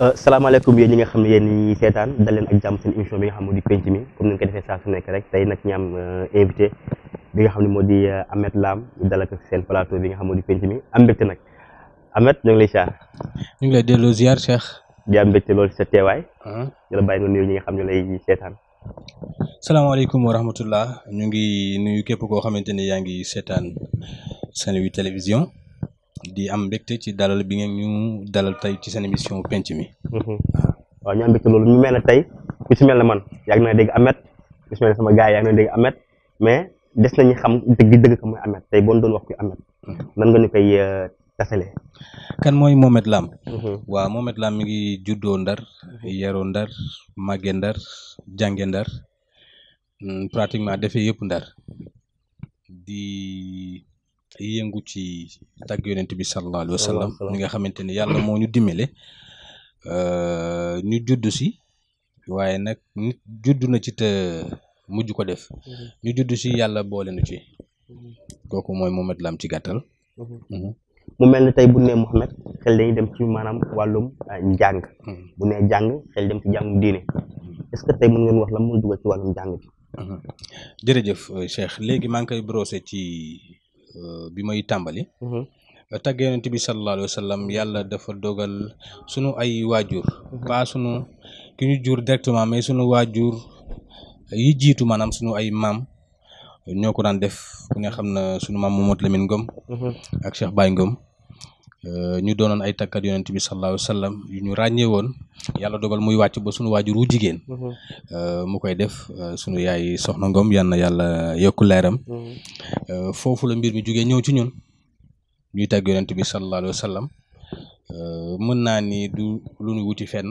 Euh, salaamaaleykum yéen ñi nga xam ne yéen ñi seetaan dal leen ak jàmm seen émission bi nga xam moo di penc mi comme ni ñu ko defee saa su nekk rek tey nag ñaam euh, invité bi nga xam ne moo di euh, Ameth laam ñu dalal seen plateau bi nga xam moo di penc mi am mbégte nag Ameth ñu ngi lay ziar. ñu ngi lay delloo ziar Cheikh. di am mbégte loolu sa teewaay. Ah. di la bàyyi nga nuyu ñi nga xam ne lay seetaan. salaamaaleykum wa rahmatullah ñu ngi nuyu képp koo xamante ne yaa ngi seetaan Saint-Louis télévision. di am mbégte ci dalal bi ngeen ñu dalal tey ci seen émission penc mi. Mhm. waaw ñu am mbégte loolu mu mel ne tey ku si mel ne man yàgg naa dégg Ameth ku si sama gars yi yàgg naa dégg Ameth mais des nañu xam dëgg dëgg ko mooy Ameth tey boo mhm. euh, mooy Mohamed Lam. Mhm. waaw Mohamed Lam mi ngi juddoo Ndar yaroo Ndar màggee Ndar jànge Ndar mm, pratiquement defee yëpp Ndar di. yëngu ci tàgg yonent bi sallallahu alayhi wa nga xamante ni yàlla moo ñu dimbale euh, ñu judd si waaye nag nit judd na ci te mujj ko def mhm. ñu judd si yàlla boole nu ci mhm. kooku mooy Mouhamed Lam ci gàttal mhm. mu mel ni tey bu nee Mouhamed xel dañuy dem ci maanaam wàllum euh, njàng bu nee jàng xel dem ci jàngum diine est-ce que tey mën ngeen wax la mu dugal ci wàllum njàng bi jërëjëf euh, Cheikh léegi maa ngi koy brosé ci Euh, bi may tàmbali. Mhm. tagg yonent bi sallallahu alayhi wa sallam yàlla dafa dogal sunu ay waajur. ba mhm. sunu ki ñu jur directement mais sunu waajur yi jiitu maanaam sunu ay maam. ñoo ko daan def ku ne xam sunu maam Mamadou Lamine Ngom. Mhm. ak Cheikh Baye Ngom. Euh, ñu doonoon ay takkat yonent bi sallallahu alayhi sallam yu ñu ràññee woon yàlla dogal muy wàcc ba suñu waajur wu jigéen mm-hmm. euh, mu koy def euh, suñu yaay soxna ngoom yal na yàlla yokku leeram mm-hmm. foofu la mbir mi jugee ñëw ci ñun ñuy tagg yonent bi sallallahu alayhi wa mën naa ni du lu ñu wuti fenn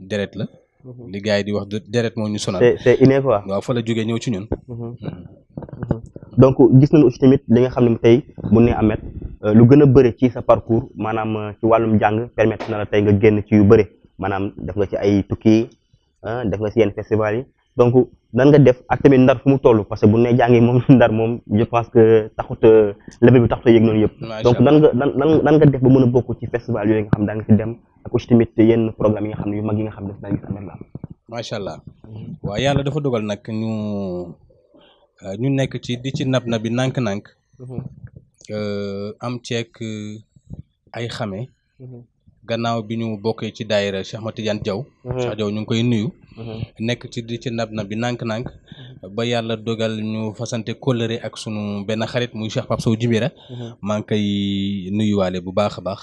deret la mm-hmm. li yi di wax deret moo ñu sonal c'est inné quoi waaw fa la jógee ñëw ci ñun donc gis nañu aussi tamit li nga xam ne tey bu ne amet Eh, lu gën a bëri ci sa parcours maanaam eh, ci wàllum jàng permettre na la tey nga génn ci yu bëri maanaam def nga ci ay tukki eh, def nga festival yi donc nan nga def ak tamit ndar fu mu toll parce que bu ne jàngi moom ndar moom je pense que taxut level bi taxut yëg noonu yëpp donc nan nga nan nan nga def ba mën a ci festival yooyu nga xam daa nga si dem ak aussi tamit yenn programme yi nga xam yu mag yi nga xam ne daa la macha allah waaw yàlla dafa dogal nag ñu ñu nekk ci di ci nab na bi nank nank mhm. Euh, am ceek euh, ay xame mm-hmm. gannaaw bi ñu bokkee ci daayira Cheikh Ahmad Tidiane Diaw mhm. Cheikh Diaw ñu ngi koy nuyu mhm. nekk ci ci nab na bi nànk-nànk mhm. ba yàlla dogal ñu fasante kóllëre ak sunu benn xarit muy Cheikh Pape Sow Djibira maa ngi nuyuwaale bu baax a baax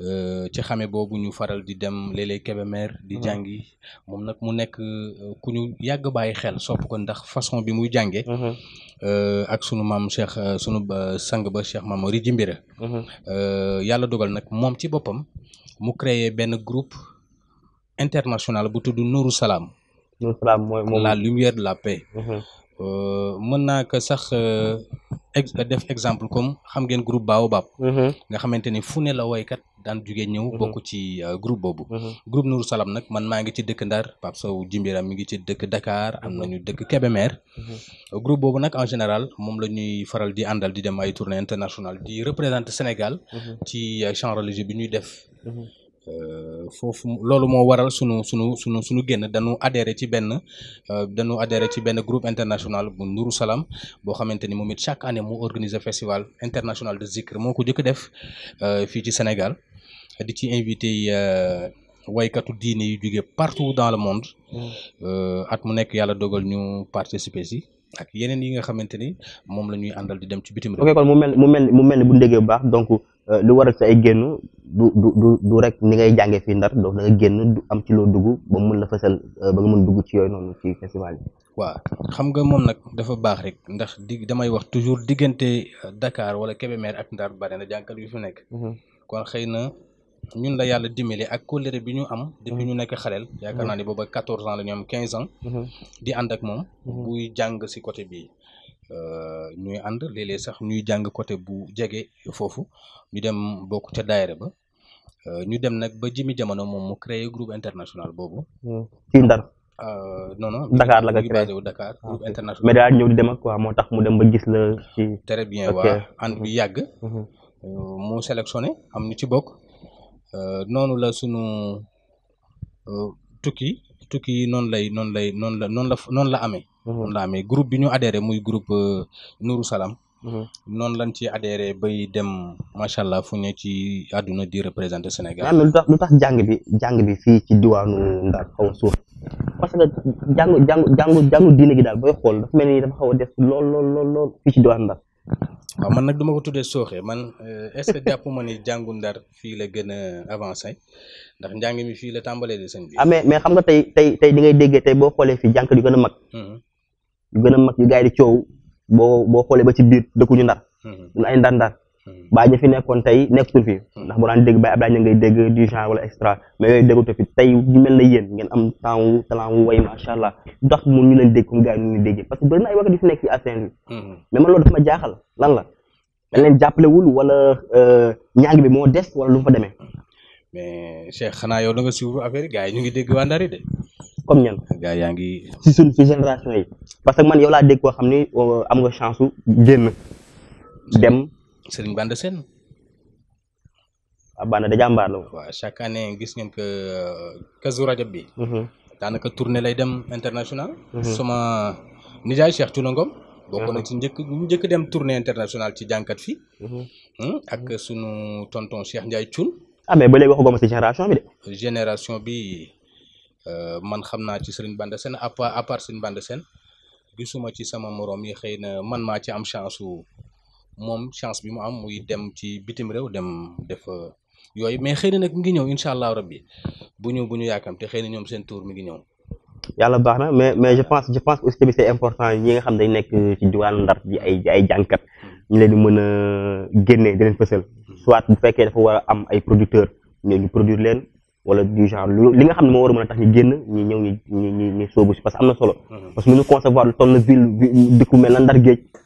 euh, ci xame boobu ñu faral di dem léeg-léeg di jàngi moom nag mu nekk euh, ku ñu yàgg bàyyi xel sopp ko ndax façon bi muy jànge euh, ak maam Cheikh sunu sang ba Cheikh Mamori Djimbira yàlla dogal nag moom ci boppam mu ben benn groupe international bu tudd Nourou Salaam. Nourou Salaam mooy moom la lumière de la paix. Mhm. Euh, mën naa ko sax euh, def exemple comme xam groupe Baobab. Mhm. nga xamante ni fu ne la woykat daan jugee ñëw. Mhm. bokk ci euh, groupe boobu. groupe Nourou Salam nag man maa ngi ci dëkk Ndar Pape Sow Jimbiram mi ci dëkk Dakar am nañu dëkk Kébémer. groupe boobu nag en général moom la ñuy faral di àndal di dem ay tournée international di représenter Sénégal. ci champ religieux bi ñuy def. Mhm. Euh, fofu lolou mo waral sunu sunu sunu sunu génn dañu adhéré ci benn euh, dañu adhéré ci ben groupe international bu Nuru Salam bo xamanteni momit chaque année mo organiser festival international de zikr moko jëk jëkk def euh, fi ci Sénégal di ci invité waykatu diine yu jóge partout dans le monde mhm. at mu nek yalla dogal ñu participer ci ak yeneen yi nga xamanteni mom lañuy andal di dem ci bitim rek ok kon mu mel mu mel mu mel bu ndégé bu baax donc. Euh, lu waral sa ay génn du du du rek ni ngay jàngee fi ndar donc da nga génn du am ci loo dugg ba mun la fësal euh, ba nga mun dugg ci yooyu noonu ci festival bi. waaw xam nga moom nag dafa baax rek ndax di damay wax toujours diggante euh, Dakar wala Kébémer ak Ndar bare na jànkat yu fi nekk. Mhm. kon xëy na ñun la yàlla dimbali ak kóllëre bi ñu am. depuis mhm. ñu nekk xaleel. yaakaar mhm. naa ne booba quatorze ans la ñu am quinze ans. di ànd ak moom. buy jàng si coté bii. Euh, ñuy ànd léeg sax ñuy jàng côté bu jege foofu ñu dem bokk ca daayira ba euh, ñu dem nag ba jimi jamono moom mu créé groupe international boobu. fii hmm. Ndar. Euh, non non. Dakar la ko créé Dakar ah, groupe international. mais daal ñëw di dem ak quoi moo tax mu dem ba gis la ci. très bien waa ànd bi hmm. yàgg. Hmm. mu sélectionné am ñu ci bokk. noonu la sunu tukki tukki noonu lay noonu lay noonu la noonu la noonu la amee. moom mhm. laa groupe bi ñu adhéré muy groupe euh, Nourou Salam mhm. noonu lañ ci adhéré bay dem macha allah fu ñu ci àdduna di représenté Sénégal. mais lu tax lu tax jàng bi jàng bi diwaanu Ndar a suuf parce que jàngu jàngu jàngu jàngu diine gi daal booy xool dafa mel ni dafa xaw a def lool lool lool lool fii ci diwaanu Ndar. man nag du ma ko tuddee sooxe man euh, est-ce que jàpp ma ni jàngu ndar fii la gën a avancé ndax njàng mi fii la tàmbalee de sëñ bi. ah mais xam nga tey tey tey di ngay déggee tey boo xoolee fi jànku yu gën mag. Mhm. yu gën a mag yu gars di coow boo boo xoolee ba ci biir dëkkuñu ndar ñun hmm. ay ndar ndar hmm. baa ñu fi nekkoon tey nekk fi hmm. ndax bu daan dégg Baye Abdoulaye ñu ngay dégg du genre wala extra mais yooyu déggutu fi tey mel na yéen ngeen am temps wu talent wu macha allah ndax mun ñu leen dégg comme gars yi ñu déggee parce nekk ci askan bi mais man loolu dafa ma jaaxal lan la dañ jàppalewul wala euh, ñaangi bi moo des wala lu mu fa demee mais Cheikh xanaa yow da nga suivre affaire yi gars ñu ngi dégg waa Ndar de comme ñan gars yaa ngi si suñ fi génération yi parce que man yow la dégg ko xamni euh, am nga chance génn dem Serigne Bande Sen abana ah, da jambar lo wa chaque année gis ngeen que euh, kazu rajab bi mhm. danaka tourner lay dem international mhm. sama nijaay cheikh tuna ngom bokko mhm. na ci ñeuk bu ñeuk dem tourner international ci jankat fi hmm? ak sunu tonton cheikh ndjay thioul ah mais ba léegi waxu goma ci génération bi de génération bi Euh, man xam naa ci Serigne Banda seen à part à part Serigne Banda Sène gisuma ci sama moroom yi xëy na man maa ci am chance su moom chance bi mu am muy dem ci bitim réew dem def euh, yooyu mais xëy na nag mi ngi ñëw incha allah rabbi bu ñu bu ñu yaakamte xëy na ñoom seen tour mi ngi ñëw. yàlla baax na mais mais je pense je pense aussi tamit c'est important ñi nga xam day nekk ci diwaan ndar ay ay jànkat ñu leen mën a génne di leen mm-hmm. soit bu fekkee dafa war am ay producteurs ñoo ñu wala du li nga xam ne moo war a mën a tax ñu génn ñu ñëw ñu ñu ñu si parce que am na solo. Mm-hmm. parce que mënu concevoir lu toll na ville dëkku mel na Ndar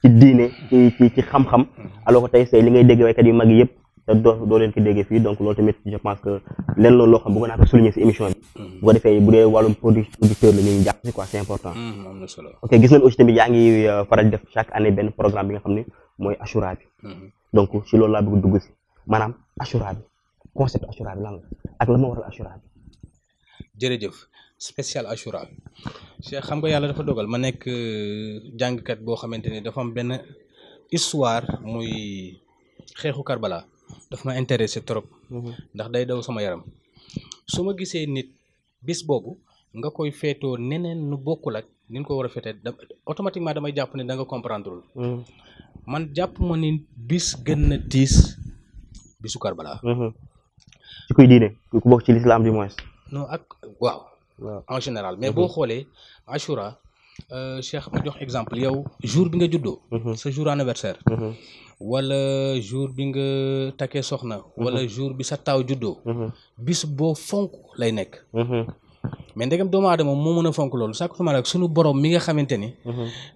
ci diine ci xam-xam. Mm-hmm. alors que tey say li ngay dégg waykat yu mag yëpp te doo doo leen ko déggee fii donc loolu tamit je pense que lenn loolu loo xam bëgg naa ko souligner si émission bi. Mm-hmm. bu ko defee bu dee wàllum si important. ok gis nañ aussi tamit yaa ngi euh, faral def chaque année benn programme bi nga xam ne mooy assura bi. donc si loolu laa bëgg dugg si maanaam assura bi. concept assurance lan ak la mo waral assurance jere jeuf spécial assurance cheikh xam nga yalla dafa dogal ma nek euh, jang kat bo xamanteni dafa am ben histoire muy xexu karbala daf ma intéressé trop mhm. ndax day daw sama yaram suma gisé nit bis bobu nga koy feetoo nenen nu bokul ak nin ko wara fété automatiquement damay japp ne da nga comprendre mhm. man japp ma ni bis gën na 10 bisu karbala mhm. ci kuy diine ku bokk ci lislaam du moins. non ak waaw. en général mais boo xoolee Ashura euh, Cheikh ma jox exemple yow jour bi nga juddo mhm. sa jour anniversaire. Mhm. wala jour bi nga takkee soxna. wala mhm. jour bi sa taaw juddo bis boo fonk lay nekk. mais ndegam doomu aadama moo mën a fonk loolu sa suma sunu boroom mi nga xamante ni.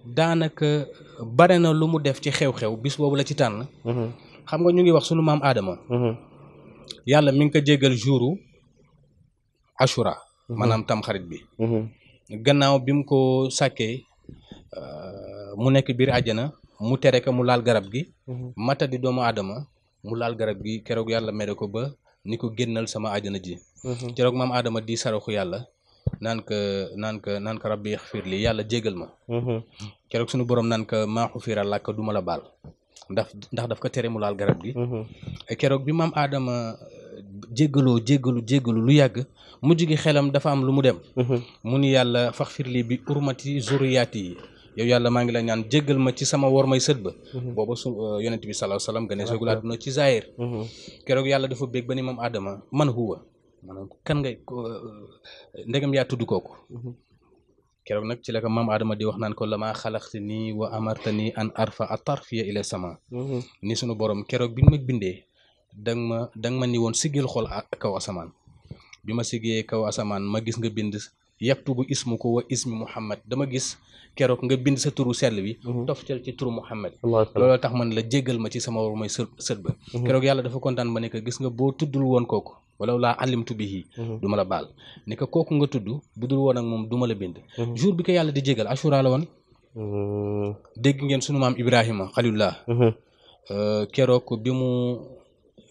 daanaka bare na lu mu def ci xew-xew bis boobu la ci tànn. xam nga ñu ngi wax sunu maam aadama. yàlla mi ngi ko jéggal jouru ashura mhm. maanaam tamxarit bi mhm. gannaaw bi mu ko sàkkee euh, mu nekk biir àjjana mu tere ko mu laal garab gi mhm. mata di doomu aadama mu laal garab gi keroog yàlla mere ko ba ni ko génnal sama àjjana ji keroog maam aadama di saraxu yàlla naan ka nan ka naan ka li yàlla jégal ma keroog suñu boroom naan ka maa xufira làkk duma la baal ndax ndax daf ko tere mu laal garab gi. Mhm. keroog bi maam Adama euh, jéggaloo jéggalu jéggalu lu yàgg mu gi xelam dafa am lu mu dem. Mhm. mu ni yàlla faxfirli bi urmati zuriyaati yi. yow yàlla maa ngi la ñaan jéggal ma ci sama wor may sët ba mhm. booba su euh, yonent bi salaahu salaam gane soogul àdduna ci zaahir keroog yàlla dafa bég ba ni moom aadama man huwa maanaam kan ngay euh, ndegam yaa tudd kooku kérok nak ci la ko mam Adama di wax nan ko lama khalaqtini wa amartani an arfa atarfiya ila sama mm-hmm. ni sunu borom kérok bi ma bindé dang ma dang ma ni won sigil xol kaw asaman bima sigé kaw Yak ma gis nga bind yaktubu ismu wa ismi muhammad dama gis kérok nga bind sa turu sel bi mm-hmm. toftel ci turu muhammad lolo tax man la djegal ma ci sama war mooy sët ba mm-hmm. keroog yàlla dafa contane ba ne gis nga bo tuddul won koko wala laa alimtu bihi mhm. du ma la baal ne kooku nga tudd bu dul moom duma la bind mhm. jour bi ko yàlla di jégal ashura la mhm. dégg ngeen sunu maam ibrahima xalilullah euh, keroog bi mu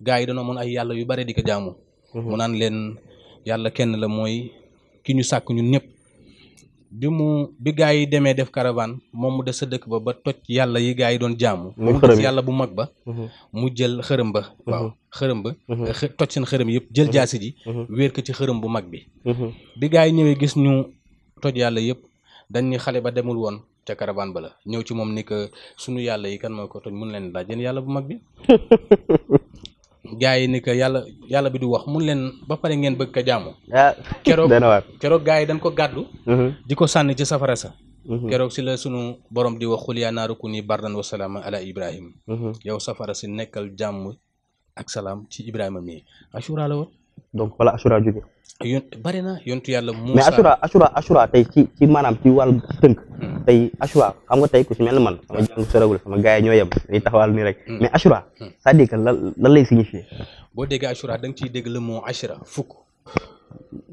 gaa yi dañoo mën ay yàlla yu bare di ko jaamu mu naan leen yàlla kenn la mooy ki ñu sakk ñun ñëpp bi mu bi gaa yi demee def caravane moom mu des sa dëkk ba ba toj yàlla yi gaa yi doon jaamu. mu des yàlla bu mag ba. Mhm. mu jël xërëm ba. Mhm. waaw xërëm ba. Mhm. toj seen xërëm yëpp jël jaasi ji. wéer ko ci xërëm bu mag bi. bi gaa yi ñëwee gis ñu toj yàlla yëpp dañ ni xale ba demul woon ca caravane ba la ñëw ci moom ni que sunu yàlla yi kan moo ko toj mun leen laaj yéen yàlla bu mag bi. gaa yi ni que yàlla yàlla bi du wax mun leen ba pare ngeen bëgg ko jaamu. ah keroog keroog gaa yi dañ ko gàddu. Mm-hmm. di ko sànni ci safara sax mm-hmm. keroog si la sunu borom di wax xul yaa naaru kuni bardan wa salaama ala Ibrahima. Mm-hmm. yow safara si nekkal jàmm ak salaam ci Ibrahima mii Ashura la woon. donc wala Ashura jóge. yon bari na yontu yàlla. Moussa mais Ashura Ashura Ashura tey ci ci maanaam ci tënk. Hmm. tey Ashura xam nga tey ku si mel ne man. sama hmm. jàng soragul sama gars yi ñoo yem dañuy taxawal nii rek. Hmm. mais Ashura. c'est-à-dire que lan boo déggee Ashura da ciy dégg le mot Ashura fukk.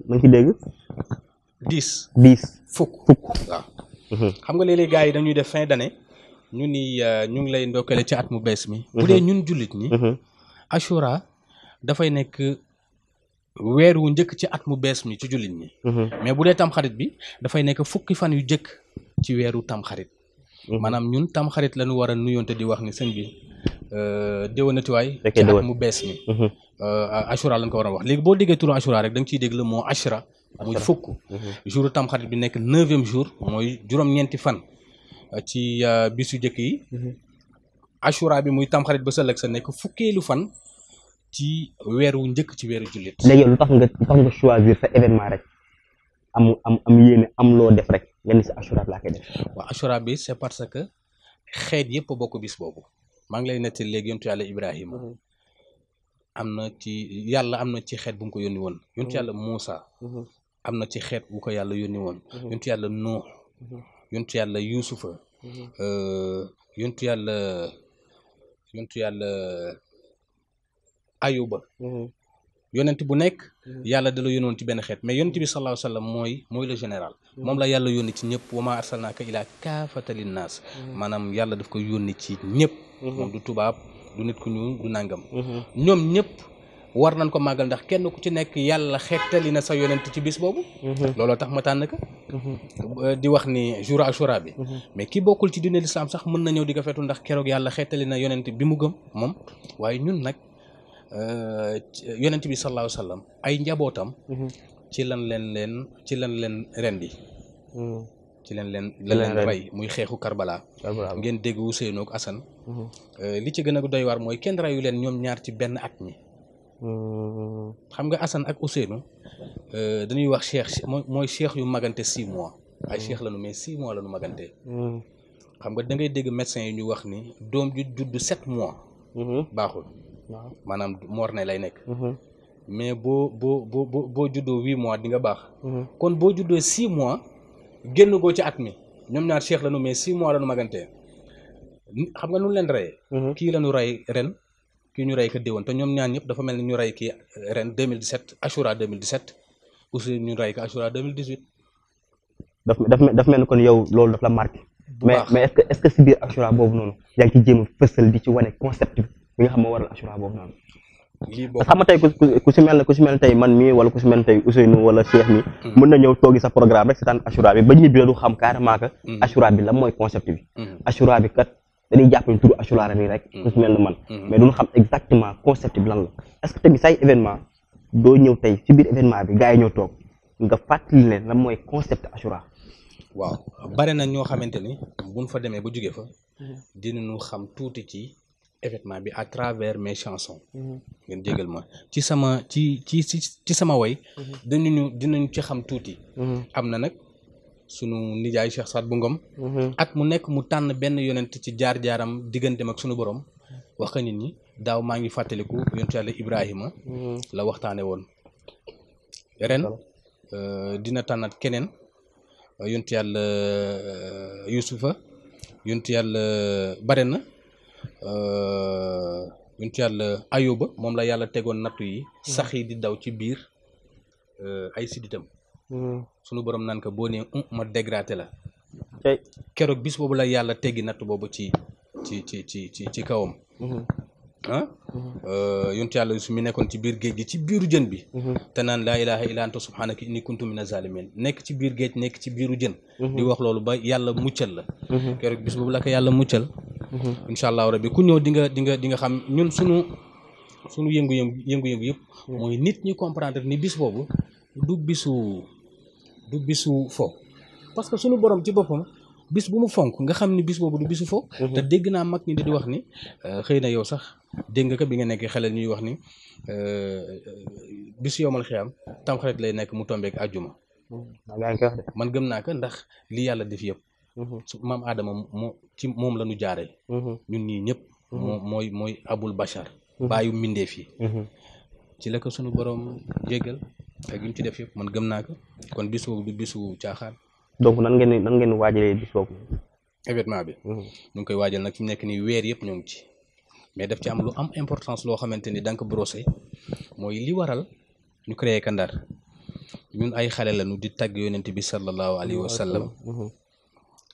ma ngi ciy dégg. dix. dix fukk fukk mhm. xam nga léeg-léeg yi dañuy def fin d'année ñu ni euh, ñu ngi lay ndokkale ci at mu bees mi. bu dee mhm. ñun jullit ñi. Mhm. Ashura dafay nekk. weer wu njëkk ci at mu bees mi ci jullit ñi. Mhm. mais bu dee tamxarit bi dafay nekk fukki fan yu jëkk ci weeru tamxarit. Mhm. maanaam ñun tamxarit lañu war a nuyoonte di wax ni sëñ bi euh, déwénatiwaay ci at mu bees mi. Mhm. Euh, ashura lañ ko war a wax léegi boo déggee turu ashura rek da nga ciy dégg le mot ashura. muy fukk jour tamxarit bi nekk neuvième jour mooy juróom-ñeenti fan euh, ci bis yu njëkk yi. ashura bi muy tamxarit ba sa sa nekk fukkeelu fan ci weer wu njëkk ci weeru jullit. léegi lu tax nga choisir sa événement rek am am am am loo def rek nga ni sa laa koy def. waaw assura bi c'est parce que xeet yëpp bokk bis boobu maa ngi lay nettali léegi yontu yàlla Ibrahima. Mhm. am na ci yàlla am na ci xeet bu ko yónni woon mhm. yontu yàlla Muusa mhm. am na ci xeet bu ko yàlla yónni woon yontu yàlla Nuux yontu yàlla euh, yontu yàlla ayuba mm-hmm. yonent bu nekk mm-hmm. yàlla da la yónnoon ci benn xet mais yonent bi sallallahu alayhi wa mooy mooy général mm-hmm. moom la yàlla yónni ci ñëpp wa maa arsalnaaka ilaa kaafata linnaas maanaam yàlla daf ko yónni ci ñëpp moom du tubaab du nit ku ñuul du nàngam ñoom ñëpp war nañ ko màggal ndax kenn ku ci nekk yàlla xettali na sa yonent ci bis boobu looloo tax ma tànn ka euh, di wax ni jour ashura bi mais ki bokkul ci diine lislaam sax mën na ñëw di ko feetu ndax keroog yàlla xettali na yonent bi mu gëm moom waaye ñun nag Euh, yonent bi sallallahu alayhi ay njabootam. Mhm. ci lan leen leen ci lan leen rendi mhm. ci leen leen la leen rey muy xeexu Karbala ngeen dégg Ousseynou ak Assane mhm. euh, li ci gën a doy waar mooy kenn reyu leen ñoom ñaar ci benn at mi xam nga Assane ak Ousseynou euh, dañuy wax cheikh mooy cheikh yu magante six mois ay cheikh lañu mais six mois lañu magante xam nga da ngay dégg médecin yi ñu wax ni doom ju judd sept mois baaxul maanaam morne lay nekk mhm. mais boo boo boo boo juddoo huit mois di nga baax mhm. kon boo juddoo six mois génn goo ci at mi ñoom ñaar cheikh lañu mais six mois lañu magantee xam nga nu leen reyee mhm. kii lañu rey ren kii ñu rey ko déwoon te ñoom ñaar ñëpp dafa mel ni ñu rey kii ren 2017 Ashura 2017 aussi ñu rey ko Ashura 2018 daf daf daf mel ni kon yow loolu daf la marqué mais mais est-ce que est-ce que si boobu noonu yaa li nga xam moo waral assura boobu noonu. lii boobu xam nga tey ku si mel ne ku si mel tey man mii wala ku si mel tey Ousseynou wala Cheikh mi. Hmm. mën na ñëw toogi sa programme rek seetaan assura bi ba ñibbi la du xam carrément que. Hmm. assura bi lan mooy concept bi. Hmm. lan la est tamit say événement doo ñëw tey si biir événement bi gars yi ñoo toog nga fàttali leen mooy concept assura. waaw bare na ñoo xamante ni buñ fa demee ba jóge fa. dinañu xam tuuti ci. événement bi à travers mes chansons. Mhm. ngeen jégal ma ci sama ci ci ci sama way. Mhm. dinañu dinañu ci xam tuuti. Mhm. am na nag sunu nijaay Cheikh Saad bu Ngom. at mu nekk mu tànn benn yonent ci jaar jaaram digganteem ak sunu borom. wax nit ñi daaw maa ngi fàttaliku yonent yàlla Ibrahima. la waxtaane woon. ren euh, dina tànnaat keneen yonent yàlla euh, Yusufa yonent yàlla bare na. yonent euh, yàlla ayoba moom la yàlla tegoon nattu yi sax yi di daw ci biir euh, ay sidditam mm. sunu borom naan ko boo nee un mm, ma dégraté la keroog bis boobu la yàlla teggi nattu boobu ci ci ci ci kawam mm-hmm. ah mm-hmm. euh, yontu yàlla su nekkoon ci biir géej gi ci biiru jën bi mm-hmm. te naan laa ilaha illa nekk ci biir géej nekk ci biiru jën di wax loolu ba yàlla muccal la keroog bis boobu la ko yàlla muccal Mm-hmm. incha allahu rabbi ku ñëw di nga di nga nga xam ñun suñu suñu yëngu-yëngu yëngu-yëngu yëpp mm-hmm. mooy nit ñi comprendre ni bis boobu du bisu du bisu fo parce que suñu borom ci boppam bis bu mu fonk nga xam ni bis boobu du bisu fo mm-hmm. te dégg naa mag ñi di wax ni euh, xëy na yow sax dégg nga ko bi nga nekk xelal ñuy wax ni euh, euh, bisu yowmal xiyaam tam xarit lay nekk mu tombeek àjjuma man gëm naa ko ndax li yàlla def yëpp Mm-hmm. su maam Adama moo ci moom la ñu jaaree. Mm-hmm. ñun ñii ñëpp. Mm-hmm. moo mooy mooy abul bachar. bàyyu mbindeef yi. ci la ko sunu borom jéggal ak li mu ci def yëpp man gëm naa kon bis bisu caaxaan. donc nan ngeen nan ngeen waajalee bis boobu. bi. ñu ngi koy waajal nag fi mu nekk nii weer yëpp ñoo ngi ci. mais daf ci am lu am importance loo xamante ni da nga ko brosser mooy li waral ñu ka ndar ñun ay xale lañu di tagg yonent bi sallallahu alayhi wa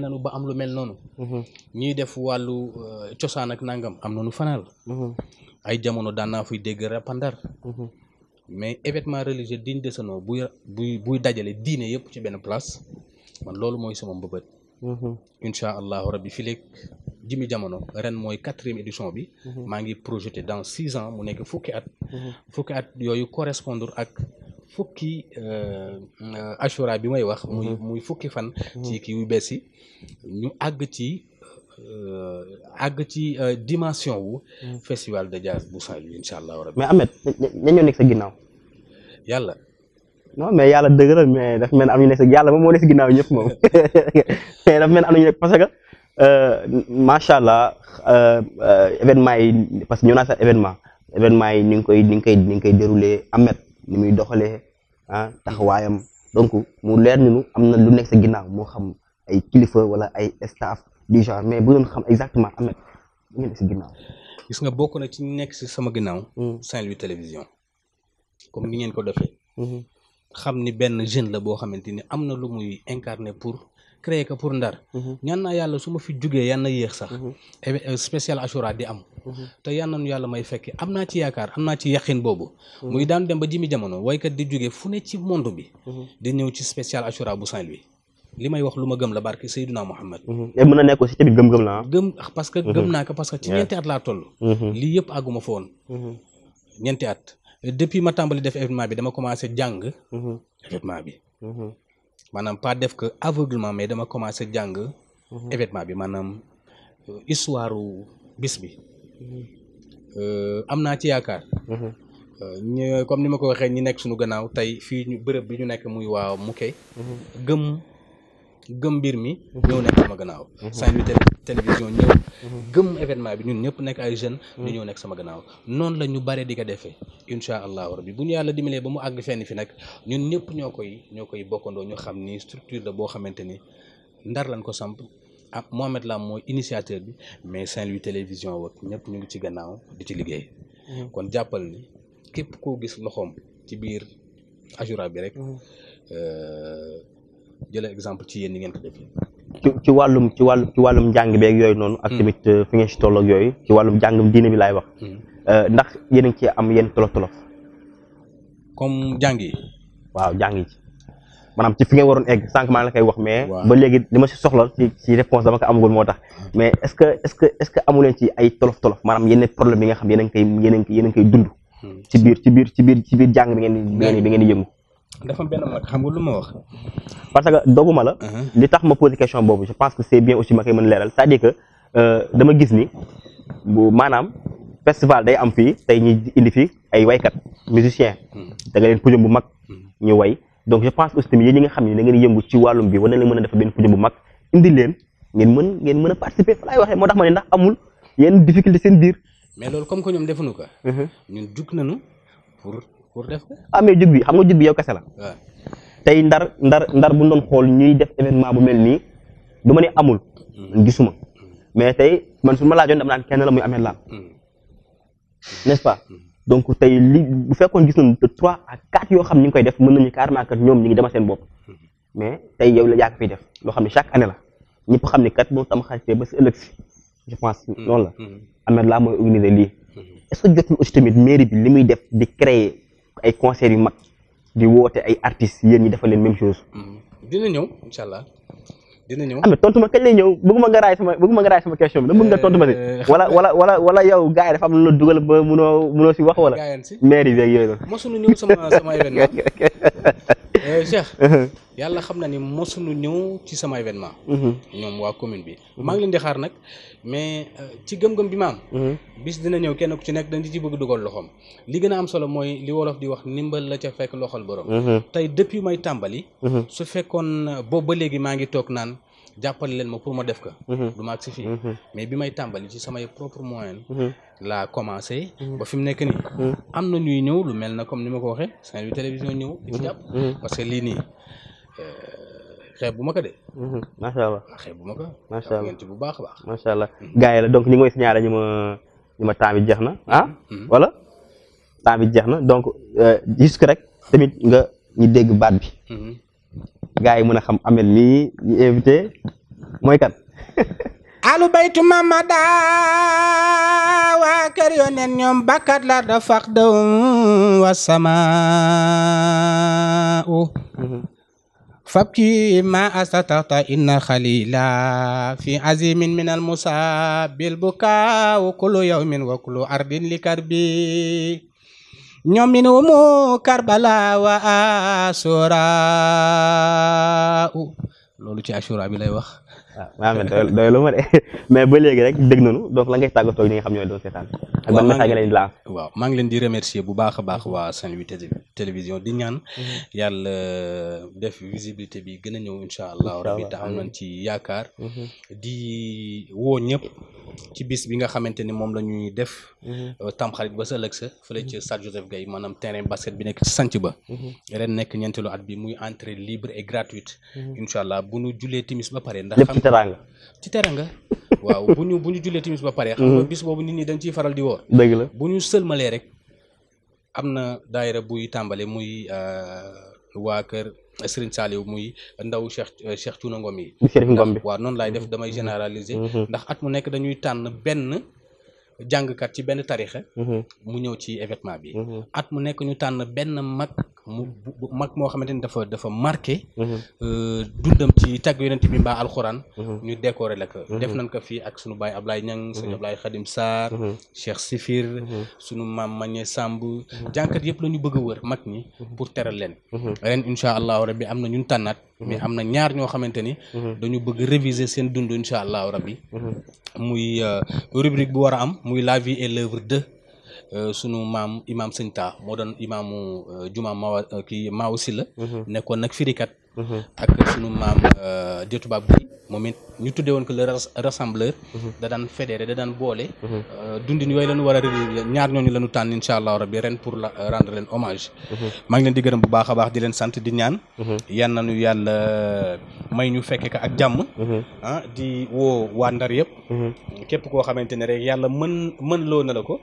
nañu ba am lu mel mhm. ñi def walu euh, ak nangam am nañu mhm. ay jamono da na fuy dégg mhm. mais événement religieux dignes de ce buy dajale ci place man lolu moy sama rabbi jimi jamono ren 4 quatrième édition bi. projeté dans 6 ans mu nek fukki at. fukki correspondre ak. fukki euh, assura bi may wax. muy mhm. muy fukki fan. Mhm. ci kii yu bees yi ñu àgg ci euh, àgg ci euh, dimension bu mhm. festival de jazz bu Saint-Louis incha allah mais Ahmed dañoo nekk sa ginnaaw. yàlla. non mais yàlla dëgg mais daf mel am ñu nekk sa yàlla moom moo nekk ginnaaw ñëpp moom mais daf mel am nañu nekk parce que macha allah événement yi parce que ñëw naa sax événement événement yi ni nga koy ni nga koy ni nga koy déroulé Ahmed. ni muy doxalee ah hmm. taxawaayam donc mu leer ni nu am na lu nekk sa ginnaaw moo xam ay kilifa wala ay staff du genre mais bu doon xam exactement Ameth ñu nekk si ginnaaw. gis nga bokk na ci nekk si sama ginnaaw. Hmm. Saint-Louis télévision comme ni ngeen ko defee. Hmm. xam ni benn jeune la boo xamante ni am na lu muy incarné pour. créer que pour ndar ñaan naa yàlla su ma fi jugee yàlla na yéex sax eh euh, spécial Ashura di am Mhm. te yal na nu yàlla may fekk am naa ci yaakaar am naa ci yaqin boobu mhm. muy daan dem ba jimi jamono waykat di jóge fu ne ci monde bi mhm. di ñëw ci spécial Achoura bu Saint-Louis li may wax lu ma gëm la barke Seydina Muhammad et mën na nekk aussi tamit gëm-gëm la ah. gëm ah, parce que gëm naa ko parce que ci ñeenti at laa toll lii yëpp àgguma fa woon ñeenti at depuis ma tàmbali def événement bi dama commencé jàng événement bi maanaam pas def que aveuglement mais dama commencé jàng bi maanaam euh, histoire bis bi Euh, am naa ci yaakaar. Mhm. Euh, ñu comme ni ma ko waxee ñi nekk suñu gannaaw tey fii ñu bërëb bi ñu nekk muy waaw Muké. Mhm. gëm gëm mbir mi. Mhm. ñëw nekk sama gannaaw. saa ñu télévision ñëw. gëm événement bi ñun ñëpp nekk ay jeunes. ñu ñëw nekk sama gannaaw noonu la ñu bare di ko defee incha allahu rabbi bu ñu yàlla dimbalee ba mu àgg fenn fi nag ñun ñëpp ñoo koy ñoo koy bokkandoo ñu xam ni structure la boo xamante ni ndar lañ ko samp. ah Mohamed Lam mooy initiateur bi mais Saint-Louis télévision wak ñett ñu ngi ci gannaaw di ci liggéey. Mm-hmm. kon jàppal ni képp koo gis loxoom ci biir Ajoura bi rek. Mm-hmm. Euh, jëlee exemple ci yéen ni ngeen ko defee. ci ci wàllum ci wàllum wàllum njàng beeg yooyu noonu. ak mm. tamit euh, fi ngeen si toll yooyu ci wàllum njàngum diine bi laay wax. Mm. Euh, ndax yéen a ci am yenn tolof tolof. comme jàng yi. waaw jàng maanaam ci fi nga waroon egg sànq maa ngi la koy wax mais ba léegi li ma si soxla ci réponse dama ko amagul moo tax mais est-ce que est-ce que est-ce que amu leen ci ay tolof tolof maanaam hmm. ci biir ci biir ci xam nga lu ma wax parce que dogguma la uh-huh. li tax ma posé question boobu je pense que c'est bien aussi ma koy mën leeral cest à que euh, dama gis ni bu maanaam festival day am fii tey ñuy indi fii ay waykat musicien hmm. da nga leen pujum bu mag hmm. ñu way donc je pense aussi ñi nga xamni da ngeen yëngu ci walum bi wala la mëna def ben fuñu bu mag indi leen ngeen mën ngeen mëna participer fa laay waxee tax ma ne ndax amul yeen difficulté seen biir mais lool comme ko ñom defunu ko ñun juk nañu pour pour def ko amé ah, juk bi xam nga juk bi yow kessela tay ndar ndar ndar bu doon xol ñuy def événement bu melni duma ni amul mm. gisuma mm. mais tay man suma ma laajoon dama nan kenn la muy amé la mm. n'est-ce pas donc tey lii bu fekkoon gis nañ de trois à quatre yoo xam ñu ngi koy def mën nañu carrément kat ñoom ñu ngi dema seen bopp mais tey yow la yaa ko fiy def loo xam ne chaque année la ñëpp xam ne kat boo tam xaritee ba si ëllëg si je pense mm-hmm. la mm-hmm. Ameth laa mooy organiser lii mm-hmm. est-ce que jotul aussi tamit mairie bi li muy def di créer ay concerts yu mag di woote ay artistes yéen ñi defal leen même chose dina ñëw incha allah dina ñëw am ah, tontu ma kañ lay ñëw bëgguma nga raay sama bëgguma nga raay sama question bi dama bëgg nga tontu ma si eh, eh, wala wala wala wala yow gars yi dafa dugal ba si wax wala maire yi beeg yooyu noonu mosunu ñëw sama sama événement eh, Cheikh uh-huh. yalla xamna na ni mosuñu ñew ci sama événement. Mhm. ñom wa commune bi. ma ngi leen di xaar nak mais euh, ci gëm-gëm bi maam mhm. bis dina ñew kenn ku ci nekk dañ ci bëgg dugal loxoom li gëna am solo moy li wolof di wax nimbal la ca fekk loxol borom. Mhm. tay depuis may tambali su fekkon euh, bo ba léegi ma ngi tok naan. jàppale leen ma pour ma def ko du ma agsi fii mais bi may tambali ci sama propre moyen la commencé ba fim mu nekk nii am ñuy ñew lu mel na comme ni ma ko waxee Saint-Louis télévision ñëw ci jàpp parce que li ni Euh, xeeb bu ma ko de. Mhm, macha allah ah, xeeb bu ma ko. macha allah bu baax a baax. macha allah gars yi la donc ñu ngi si ñaare ñu ma ñu jeex na ah. wala mhm. temps bi jeex na donc euh, juste rek tamit nga ñu dégg baat bi. Mhm. gars yi mën a xam Ameth mii ñu invité mooy kan. alu baytu mamada waa kër yonen ñoom bakkat la da faq daw wa فابكي ما استطعت إن خليلا في عزيم من المصاب بالبكاء كل يوم وكل أرض لكربي ñoom minhum karbala wa asura loolu ci asura bi lay wax Ah, waaw man doy lu ma de mais ba léegi rek dégg nañu donc la ngay tàggatoo ñi nga xam ñooy doon seetaan ak ban message nga leen di waaw maa ngi leen di remercier bu baax a baax waa Saint-Louis télévision di ñaan mhm. yàlla euh, def visibilité bi gën a ñëw incha allah rabbi te am nañ ci yaakaar mhm. di woo ñëpp ci bis bi nga xamante ni moom la ñuy def mhm. euh, tamxarit ba sa ëllëg sa fële mhm. ci Stade Joseph Gueye maanaam terrain basket bi nekk ci sanc ba mhm. ren nekk ñeenteelu at bi muy entrée libre et gratuite incha allah bu ñu julee timis ba pare xam nga bis boobu nit ñi dañ ciy faral di woor bu ñu sëlmalee rek am na daayira buy tàmbale muy euh, waa kër Serigne Saliou muy ndaw Cheikh euh, Cheikh Thiouna Ngom yi. Cheikh Ngom bi waaw noonu laay def mhm. damay mhm. généraliser. Mhm. ndax at mu nekk dañuy tànn benn jàngkat ci benn tarixa mu ñëw ci événement bi. at mu nekk ñu tànn benn mag. mu mag moo xamante ni dafa dafa marqué. Mhm. Euh, dundam ci tàgg yonent bi mbaa alxuraan. Mhm. ñu décorer la ko. Mhm. def nañ ko fii ak sunu baay Ablaye Niang sunu Ablaye Khadim Sarr. Cheikh Sifir. sunu maam Magne Samb. jànkat yëpp la ñu bëgg a wër mag ñi pour teral leen. ren incha allahu rabbi am na ñun tànnaat. mais am na ñaar ñoo xamante ni. dañu bëgg réviser seen dund allahu rabbi muy euh, rubrique bu war a am muy la vie et l'œuvre de. Euh, sunu maam imaam sëñ taa moo doon imaamu euh, juma mawa euh, kii maaw si la mhm. nekkoon nag firikat mhm. ak sunu maam Diatou Bab gi moom it ñu tuddee woon ko le rassembleur mhm. da daan fédéré da daan boole mhm. euh, dundin yooyu lañu war a réunir ñaar ñooñu lañu tànn insha allah rabbi ren pour la euh, rendre leen hommage mhm. maa leen di gërëm bu baax a baax di leen sant di ñaan yan nañu yàlla may ñu fekke ko ak jàmm ah di woo waa ndar yëpp képp koo xamante ne rek yàlla mën mën loo na la ko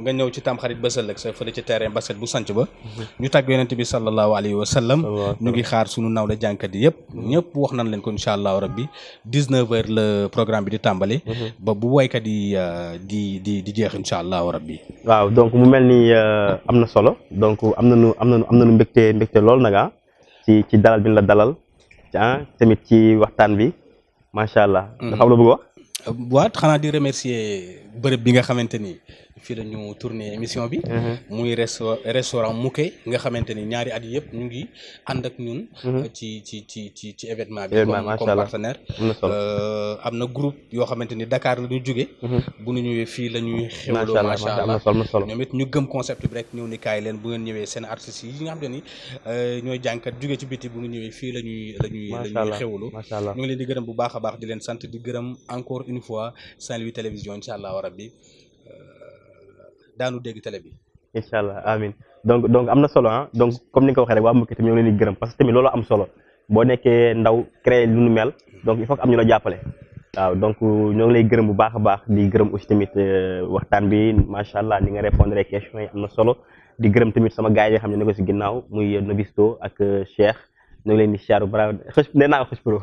nga ñëw ci tamxarit ba sëllëg sa fële ci terrain basket bu sanc ba ñu tàgg yonent bi sallallahu alayhi wa sallam ñu ngi xaar sunu naw la jànkat yi yëpp ñëpp 19 h le programme de di mhm. ba bu euh, di di di rabbi. donc mu melni euh, amna solo donc amna amna ci ci dalal la dalal ah, tamit ci waxtan bi machallah mhm. dafa euh, di remercier bi fii la ñu tourné émission bi. Mhm. muy restaurant restaurant Mouké nga xamante ni ñaari at yëpp ñu ngi ànd ak ñun. Mhm. ci ci ci ci ci événement bi. comme comme partenaire. Euh, am na groupe yoo xamante ni Dakar la ñu jóge mhm. bu ñu ñëwee fii la ñuy. xewloo macha allah ñoom it ñu gëm concept bi rek ñëw ni kaay leen bu ngeen ñëwee seen artistes yi nga xam te ni euh, ñooy jànkat jóge ci biti bu ñu ñëwee fii la ñuy la ñuy la ñuy xewloo. ñu ngi leen di gërëm bu baax a baax di leen sant di gërëm encore une fois Saint-Louis télévision incha allah rabbi daanu dégg télé bi. incha allah amin donc donc am na solo ah donc comme ni nga ko waxee rek waa mbokk yi tamit ñoo ngi leen di loolu am solo boo nekkee ndaw créé lu nu mel donc il faut que am ñu la jàppale. waaw donc ñoo ngi lay gërëm bu baax a baax di gërëm aussi tamit euh, waxtaan bi macha allah ni nga répondre question yi am na solo di gërëm tamit sama gars yi xam ne ne ko si ginnaaw muy Nobisto ak euh, Cheikh. ñu ngi leen di siyaaru bravo xës nee naa ko xës pro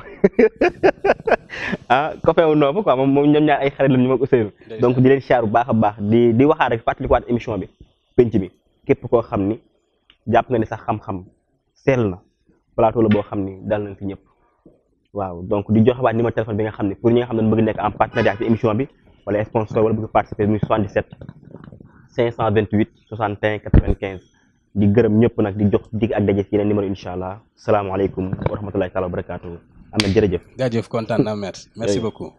ah copain wu noobu quoi moom moom ñoom ñaar ay xarit la ñu mag Ousseynou donc di leen siyaaru baax a baax di di waxaat rek fàttalikuwaat émission bi penc bi képp koo xam ni jàpp nga ne sax xam-xam seel na plateau boo xam ni dal nañ fi ñëpp waaw donc di joxewaat numéro téléphone bi nga xam ne pour ñi nga xam ne bëgg nekk en partenariat ci émission bi wala sponsor wala bëgg participer muy 77 528 61 95 di gërëm ñëpp nag di jox dig ak daje ci yeneen numéro incha allah salaamaaleykum wa rahmatulahi taala wa barakaatu. Ameth jërëjëf. jaajëf kontaan naa merci beaucoup.